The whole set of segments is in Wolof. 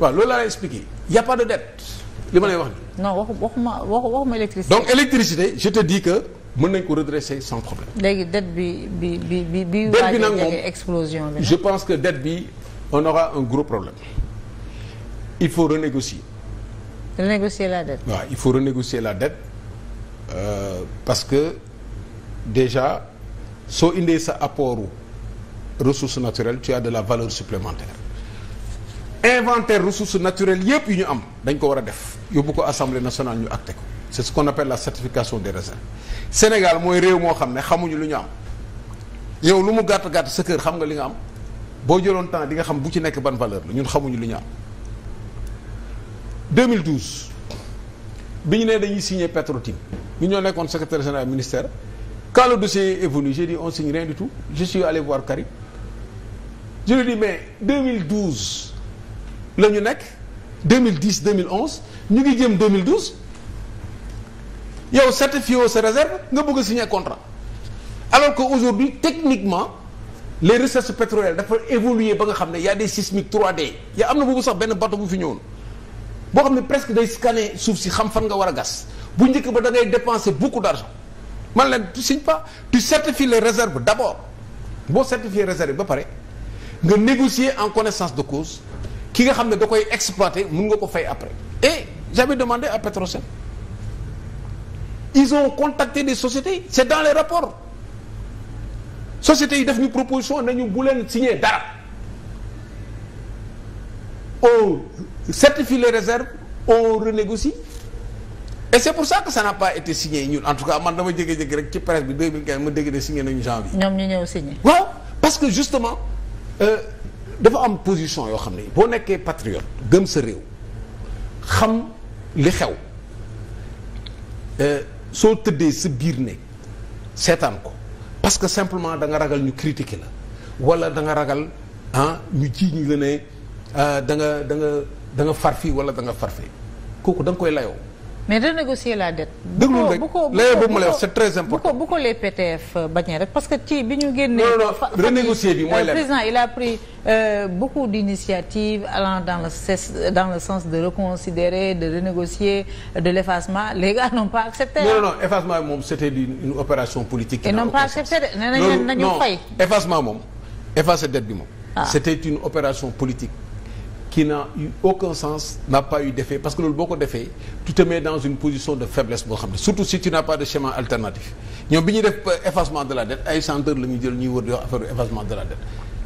waaw loolu laa lay expliqué y' a pas de dette li ma lay wax. non waxu waxuma waxuma électricité. donc électricité je te dis que mën nañ ko redresser sans problème. léegi dette bi bi bi bi bi. bi nag moom je pense que dette bi on aura un gros problème il faut renégocier. renégocier la dette. waaw il faut renégocier la dette euh, parce que déjà soo indee sa apportu ressource naturelle tu as de la valeur supplémentaire. inventaire ressources naturelles yëpp yu ñu am dañ ko war a def yóbbu ko assemblée nationale ñu acté ko c'est ce qu'on appelle la certification des réserves Sénégal mooy réew moo xam ne xamuñu lu ñu am yow lu mu gàtt gàtt sa kër xam nga li nga am boo jëloon temps di nga xam bu ci nekk ban valeur la ñun xamuñu lu ñu am 2012 bi ñu nee dañuy signé Petrotim ñu ñoo nekkoon secrétaire général ministère quand le dossier est venu j'ai dit on signe rien du tout je suis allé voir Karim je lui ai la ñu nekk 2010 2011 ñu ngi jëm 2012 yow certifié woo sa réserve nga bëgg a signer contrat alors que aujourd'hui techniquement les ressources pétrolières dafa évoluer ba nga xam ne y a des sismiques 3D yaa am na boobu sax benn bateau bu fi ñëwoon boo xam ne presque day scanner suuf si xam fan nga war a gas bu njëkk ba da ngay dépenser beaucoup d'argent man leen tu signes pas tu certifies les réserves d'abord boo certifier réserve ba pare nga négocier en connaissance de cause ki nga xam ne da koy exploiter mën nga ko fay après et j'avais demandé à Petrosen ils ont contacté des société c'est dans les rapports sociétés yi def ñu proposition nañu bu leen signer dara on certifie les réserves on renégocie et c'est pour ça que ça n'a pas été signé ñun en tout cas man dama jége-jége rek ci presse bi 2015 ma dégg ne signé nañu janvier ñoom ñu ñëw signé waaw parce que justement euh, dafa am position yoo xam ne boo nekkee patriote gëm sa réew xam li xew euh, soo tëddee sa biir ne seetaan ko parce que simplement da nga ragal ñu critiquer la wala da nga ragal ah ñu jiiñ la ne euh, da nga da nga da nga far fii wala da nga far fee kooku da koy layoo. mais renégocier la dette. déglu rek léegi boobu ma wax c'est très important. bu ko PTF euh, bañee rek parce que ci bi ñu génnee. renégocier bi mooy euh, le président il a pris euh, beaucoup d'initiatives allant dans le sens dans le sens de reconsidérer de renégocier de l'effacement les gars n'ont pas accepté. non non non moom c'était une opération politique. et na pas accepté de nee nañu nañu fay. effacement moom effacer dette bi moom. Ah. c'était une opération politique. qui n'a eu aucun sens n'a pas eu d'effet parce que loolu boo ko defee tu te mets dans une position de faiblesse boo xam ne surtout si tu n'as pas de chemin alternatif ñoom bi ñuy def effacement de la dette ay chanteur la ñuy jël ñuy wër di wax affaire effacement de la dette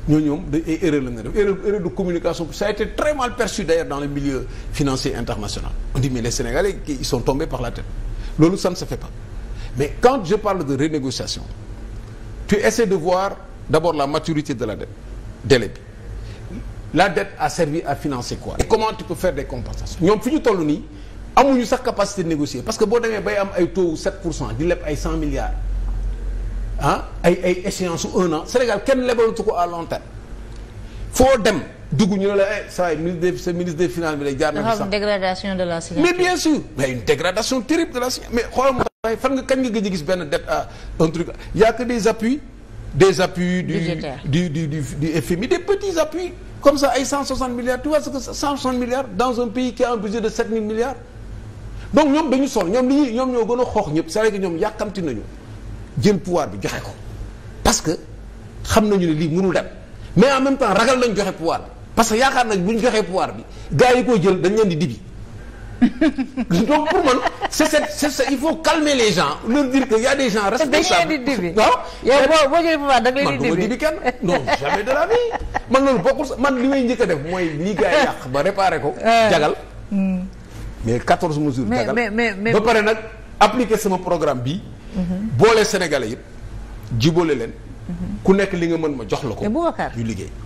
ñoo ñoom day erreur def erreur de communication ça a été très mal perçu d'ailleurs dans le milieu financier international on dit mais ils sont tombés par la tête loolu ça ne fait pas mais de renégociation tu la maturité de la dette délai la dette a servi à financer quoi et comment tu peux faire des ñoom fi ñu toll nii amuñu sax capacité de négocier parce que boo demee bay am ay taux 7 pour cent di leb ay 100 milliards ah ay ay échéance un an Sénégal kenn lebalatu ko à long foo dem dugg ñu ne la eh saa yi ministre des ministre des finances bi lay jaar na. sax dégradation de la signature mais bien sûr mais une dégradation terrible de la signature mais xoolal ma waaye fan nga kañ nga gis benn dette à un y a que des appuis des appuis. du du du du du FMI comme sa ay 160 milliards tu vois ce que 160 milliards dans un pays qui a un budget de 7000 milliards donc ñoom dañu sonn ñoom li ñuy ñoom ñoo gën a xoox ñëpp c'est vrai que ñoom yàkkamti nañu jël pouvoir bi joxe ko parce que xam nañu ne lii mënul dem mais en même temps ragal nañ joxe pouvoir bi parce que yaakaar nañ bu ñu joxee pouvoir bi gars yi ko jël dañ leen di dibi donc pour man c'est ça c'est ça il faut calmer les gens leur dire que y a des gens responsables dañu leen di dibi waaw yow boo boo jëlee pouvoir da nga leen di dibi man ma dibi kenn non jamais de la vie man loolu bokkul sax man li may njëkk a def mooy lii gars yi ba réparé ko hmm. jagal mais 14 mesures jagal ba pare nag appliquer sama programme bi mhm. boole Sénégalais yëpp jibóole leen mhm. ku nekk li nga mën ma jox la ko a ñu liggéey